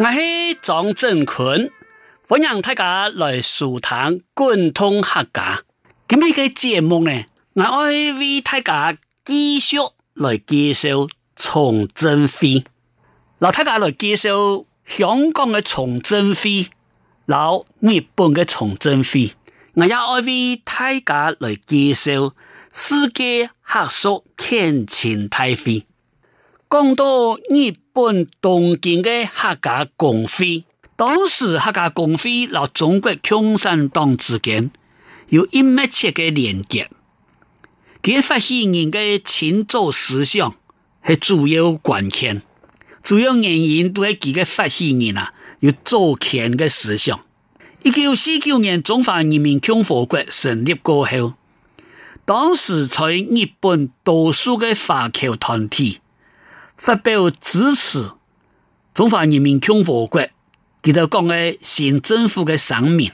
我是張振坤，歡迎大家來《數談貫通客家》。今日嘅節目呢，我愛為大家繼續來介紹崇正會。我大家來介紹香港嘅崇正會，老日本嘅崇正會。我要愛為大家來介紹世界客屬懇親大會。講到日。東京嘅客家公會，當時客家公會同中國共產黨之間有一密切嘅連接。其發起人嘅前奏思想係的是主要關鍵，主要原因都係幾個發起人啊，有左傾嘅思想。一九四九年中華人民共和國成立過後，當時在日本多數嘅華僑團體。發表支持中華人民共和國，抵達江安縣政府的聲明，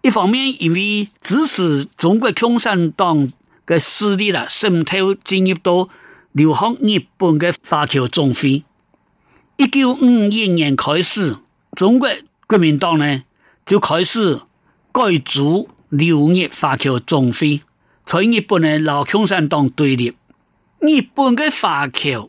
一方面，因為支持中國共產黨嘅勢力啦，滲透進入到流亡日本嘅華僑總會。一九五一年開始，中國國民黨呢就開始改組流亡華僑總會，在日本嘅老共產黨對立日本嘅華僑。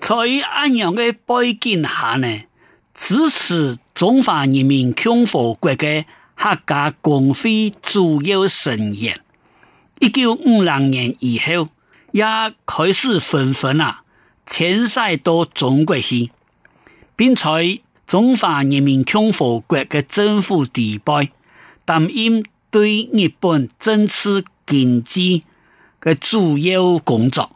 在安陽的背景下呢，支持中華人民共和國的客家公會主要成員，一九五六年以後，也開始紛紛啊遷徙到中國去，並在中華人民共和國的政府地位，擔任對日本政治經濟的主要工作。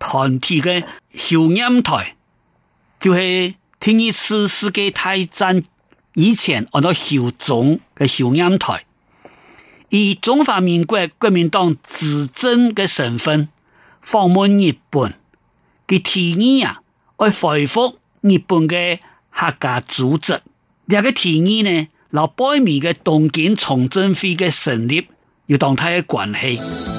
團體嘅邵欽台，就係第二次世界大戰以前我哋邵總嘅邵欽台，以中華民國國民黨執政嘅身份，訪問日本嘅提議啊，去回復日本嘅客家組織。呢、這個提議呢，劉寶明嘅東京崇正會嘅成立，要當睇嘅關係。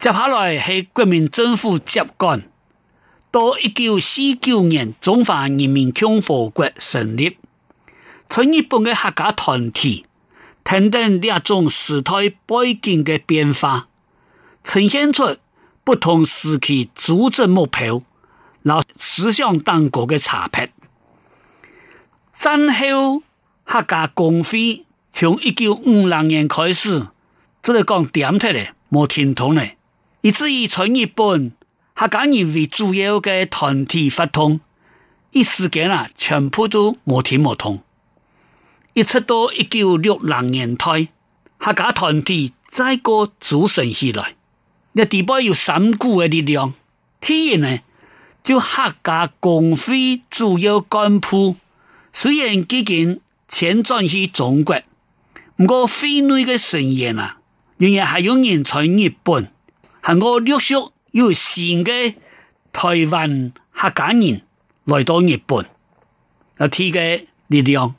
接下來係國民政府接管，到一九四九年中華人民共和國成立，從日本嘅客家團體，等等兩種時代背景的變化，呈現出不同時期主政目標，然後思想、當國的差別。戰後客家公會從一九五零年開始，即係講點出嚟，冇聽懂的。以至於在日本，客家人為主要嘅團體發動，一時間啊，全部都冇聽冇通。一出到一九六零年代，客家團體再度組成起來，呢啲包有三股嘅力量。第一呢，就客家公會主要幹部，雖然幾經輾轉去中國，唔過非內嘅成員啊，仍然係有人在日本。係我約束有善嘅台灣客家人來到日本，有啲嘅力量。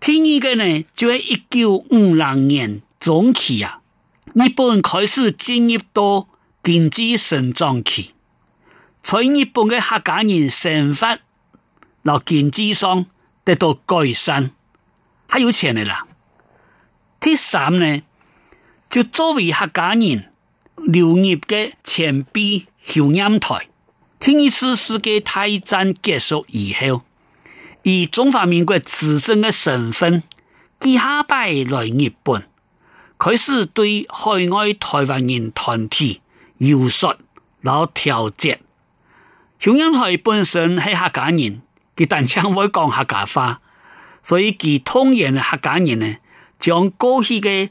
第二個呢，就喺一九五六年中期啊，日本開始進入到經濟成長期。在日本嘅客家人生活喺經濟上得到改善，很、啊、有錢嘅啦。第三呢，就作為客家人。留日嘅前輩喬恩台，第二次世界大戰結束以後，以中華民國自身嘅身份，佢下拜來日本，開始對海外台灣人團體游說件，然後調節。喬恩台本身係客家人，佢但將會講客家話，所以佢通言嘅客家人呢，將過去嘅。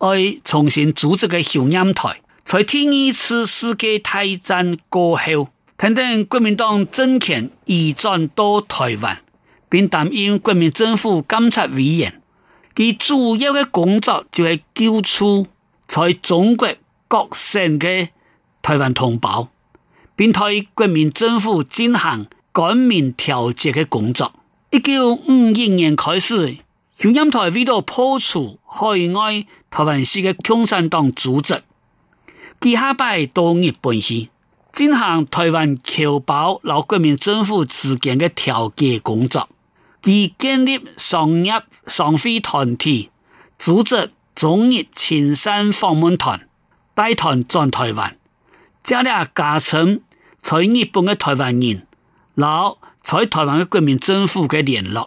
愛重新組織嘅紅音台，在第二次世界大戰過後，肯定國民黨政權移轉到台灣，並擔任國民政府監察委員，其主要嘅工作就係救出在中國各省嘅台灣同胞，並對國民政府進行改名調節嘅工作。一九五一年開始。中央台為了破除海外台灣市的共產黨組織，佢下派到日本係，進行台灣僑胞、老國民政府之間的調解工作。佢建立上日上飛團體，組織中日親善訪問團，帶團轉台灣，盡量加強在日本嘅台灣人，和在台灣嘅國民政府嘅聯絡。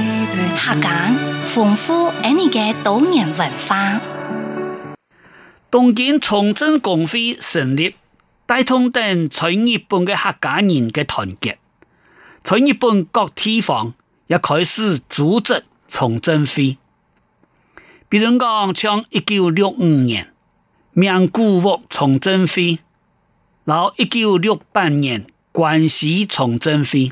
客、嗯、家豐富而你嘅多元文化。東京崇正公會成立，帶動等全日本嘅客家人嘅團結，全日本各地方也開始組織崇正會。比如講，像一九六五年，名古屋崇正會，然後一九六八年，關西崇正會。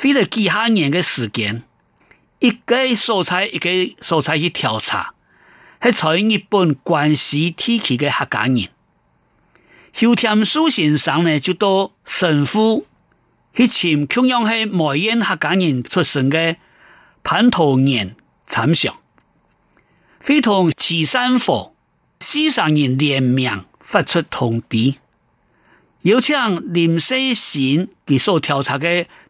花了幾下年嘅時間，一個素材一個素材去調查，係採用日本關西地區嘅客家人，修田書信上呢，就到神戶係請同樣的梅縣客家人出身嘅潘頭年參詳，非同岐山佛西上人聯名發出通牒，邀請林世信接受調查嘅。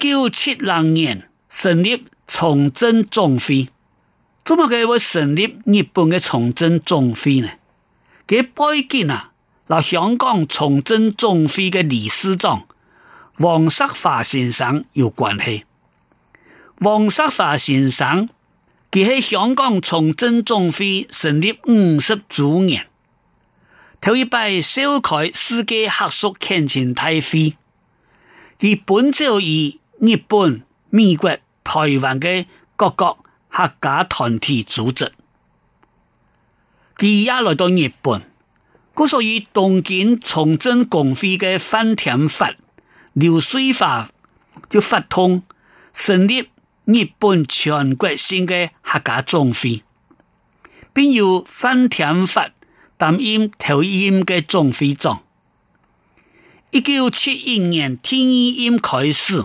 九七六年成立崇正總會，怎麼解會成立日本的崇正總會呢？佢背景啊，同香港崇正總會的理事長黃石華先生有關係。黃石華先生佢喺香港崇正總會成立五十周年，頭一拜修改世界學術懇親大會，而本就以。日本、美國、台灣嘅各國客家團體組織，佢也來到日本，佢屬於東京崇正公會嘅翻天法流水法就發通，成立日本全國性嘅客家總會，並由翻天法擔任頭一任嘅總會長。1971一九七一年天音音開始。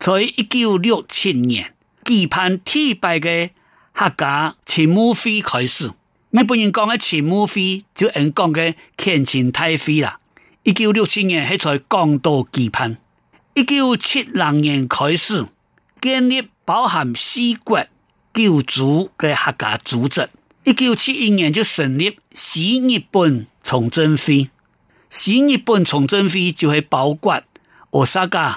在一九六七年，祭品剃拜嘅客家親睦會開始，日本人講嘅親睦會就沿講嘅懇親大會啦。一九六七年喺在江都祭品，一九七零年開始建立包含四國九州嘅客家組織。一九七一年就成立西日本崇正會，西日本崇正會就係包括大阪。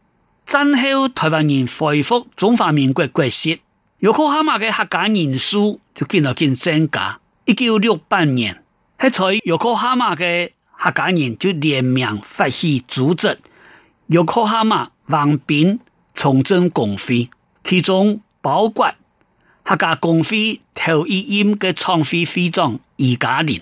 戰後，台灣人恢復中華民國國籍。玉科哈馬嘅客家人數就見得更增加。一九六八年，係在玉科哈馬嘅客家人就聯名發起組織玉科哈馬王兵崇正公會，其中包括客家公會頭一任嘅創會會長易家林。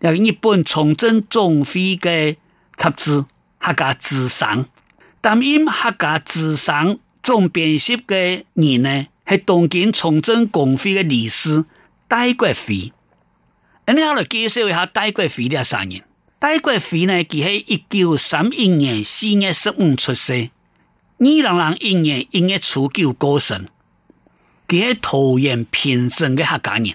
日本崇正總會的雜誌《客家之聲》。但因客家之聲總編輯的人呢，是東京崇正公會的理事戴國輝。咁，你下來介紹一下戴國輝了。三年戴國輝呢？佢係一九三一年四月十五出生，二零零一年一月初九就高升，佢係桃園平鎮的客家人。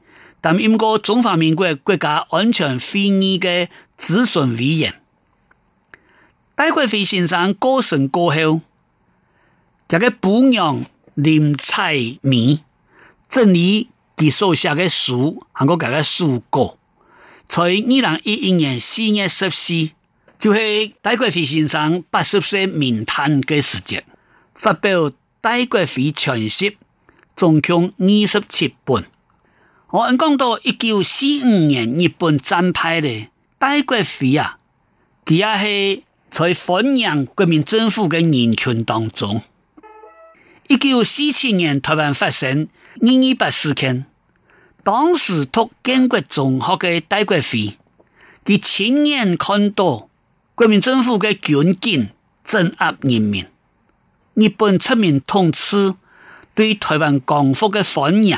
但英國中華民國國家安全會議的諮詢委員戴國輝先生過身過後，一個補養林彩美，整理佢手寫嘅書，含過家個書稿。在二零一一年四月十四，就係戴國輝先生八十歲冥誕嘅時節，發表戴國輝全集總共二十七本。我講到一九四五年日本戰敗的戴國輝啊，佢也是在反映國民政府的人群當中。一九四七年台灣發生二二八事件，當時讀建國中學的戴國輝，佢親眼看到國民政府的軍警鎮壓人民，日本出面統治對台灣港府的反應。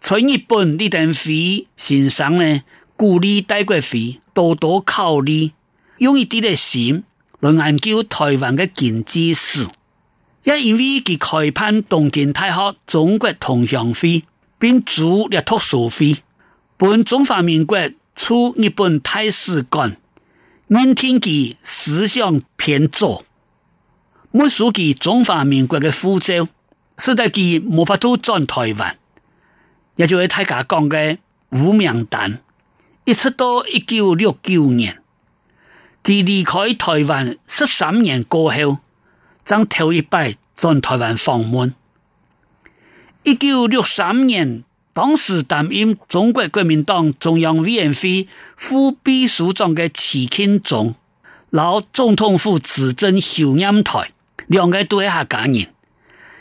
在日本，李登輝先生呢鼓勵戴國輝多多考慮，用一點的心來研究台灣嘅經濟史。也因為佢開辦東京大學中國同鄉會，並主列讀書會，本中華民國駐日本大使館，任聽佢思想偏左，沒收佢中華民國嘅護照，使得佢無法度轉台灣。也就係睇下講嘅無名蛋，一出到一九六九年，佢離開台灣十三年過後，曾頭一擺轉台灣訪問。一九六三年，當時擔任中國國民黨中央委員會副秘書長嘅徐慶鐘，老總統府執政壽宴台，兩個對一下講言。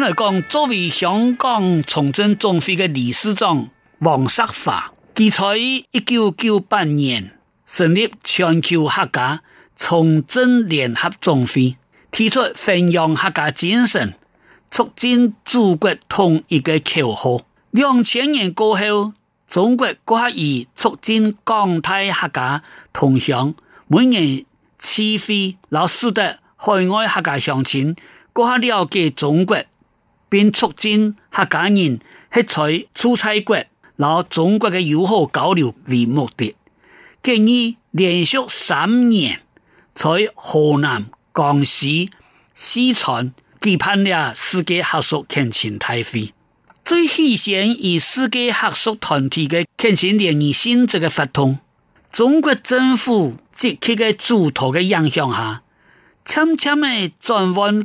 嚟講，作為香港崇正總會嘅理事長黃石華，佢在一九九八年成立全球客家崇正聯合總會，提出弘揚客家精神，促進祖國統一嘅口號。兩千年過後，中國關以促進港台客家同鄉，每年起飛，老師的海外客家鄉親，更加了解中國。並促進客家人協在出差國，和中國嘅友好交流為目的，建議連續三年在河南、廣西、四川舉辦了世界客屬懇親大會。最首先以世界客屬團體嘅懇親聯誼性質嘅發動，中國政府積極嘅主導嘅影響下，悄悄地轉彎。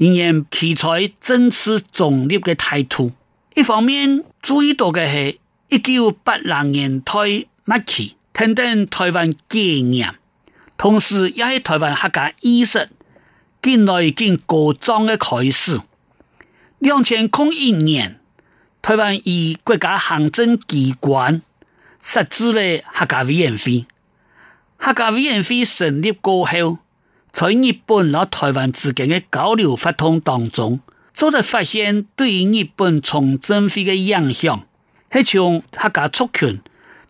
仍然持在政策獨立嘅態度。一方面，注意到嘅係一九八零年台麥等登台灣建陽，同時也是台灣客家意識，跟內建高漲嘅開始。兩千零一年，台灣以國家行政機關設置了客家委員會。客家委員會成立過後。在日本和台灣之間的交流活動當中，逐漸發現對於日本崇正公會的影響，喺從客家族群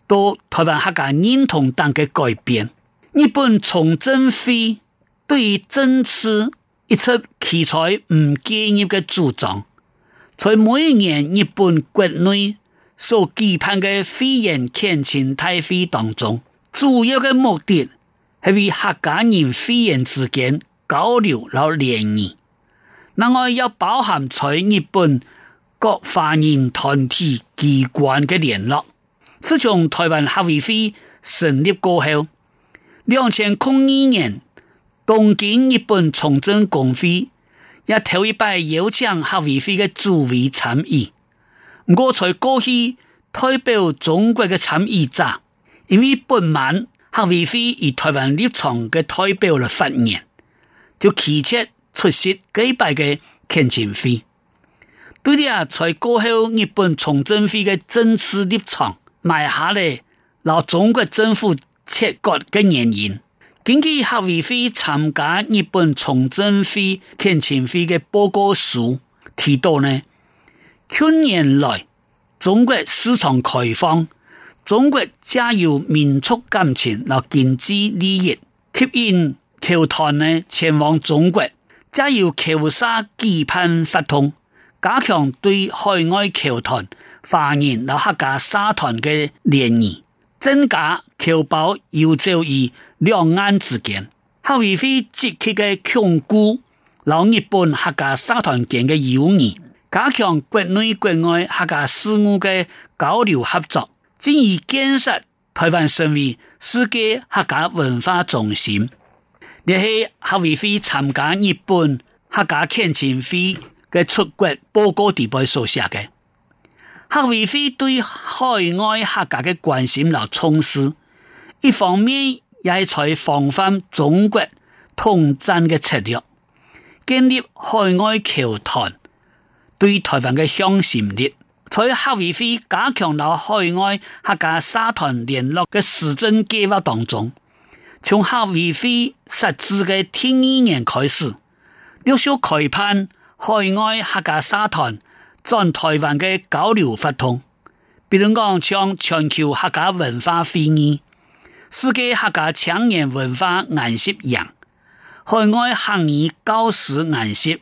到台灣客家認同等的改變。日本崇正公會對於政治一出奇才唔意的主張，在每年日本國內所期盼的肺炎懇親大會當中，主要的目的。係為客家人會員之間交流老聯誼，那我要包含在日本各華人團體機關嘅聯絡。自從台灣客委會成立過後，兩千零二年東京日本崇正公會也頭一擺邀請客委會嘅主委參與。我在過去代表中國嘅參與者，因為不滿。客委會以台灣立場嘅代表嚟發言，就拒絕出席祭拜嘅懇親會。對啊，在過後日本崇正會的正式立場埋下咧，讓中國政府切割的原因。根據客委會參加日本崇正會懇親會的報告書提到呢，去年來中國市場開放。中國藉由民族感情，和經濟利益吸引僑團呢前往中國，藉由僑社舉辦活動，加強對海外僑團、華人和客家社團嘅聯誼，增加僑胞游走於兩岸之間，好而非積極嘅鞏固，旅日本客家社團嘅友誼，加強國內國外客家事務嘅交流合作。至於建設台灣成為世界客家文化中心，亦係客委會參加日本客家懇親會嘅出國報告地的的位所寫嘅。客委會對海外客家嘅關心及重視，一方面也係在防範中國統戰嘅策略，建立海外僑團對台灣嘅向心力。在客委會加強了海外客家社團聯絡嘅施政計劃當中，從客委會實施嘅第一年開始，陸續開辦海外客家社團，轉台灣嘅交流活動，比如講像全球客家文化會議、世界客家搶眼文化研習營，楊海外客語教師研習營。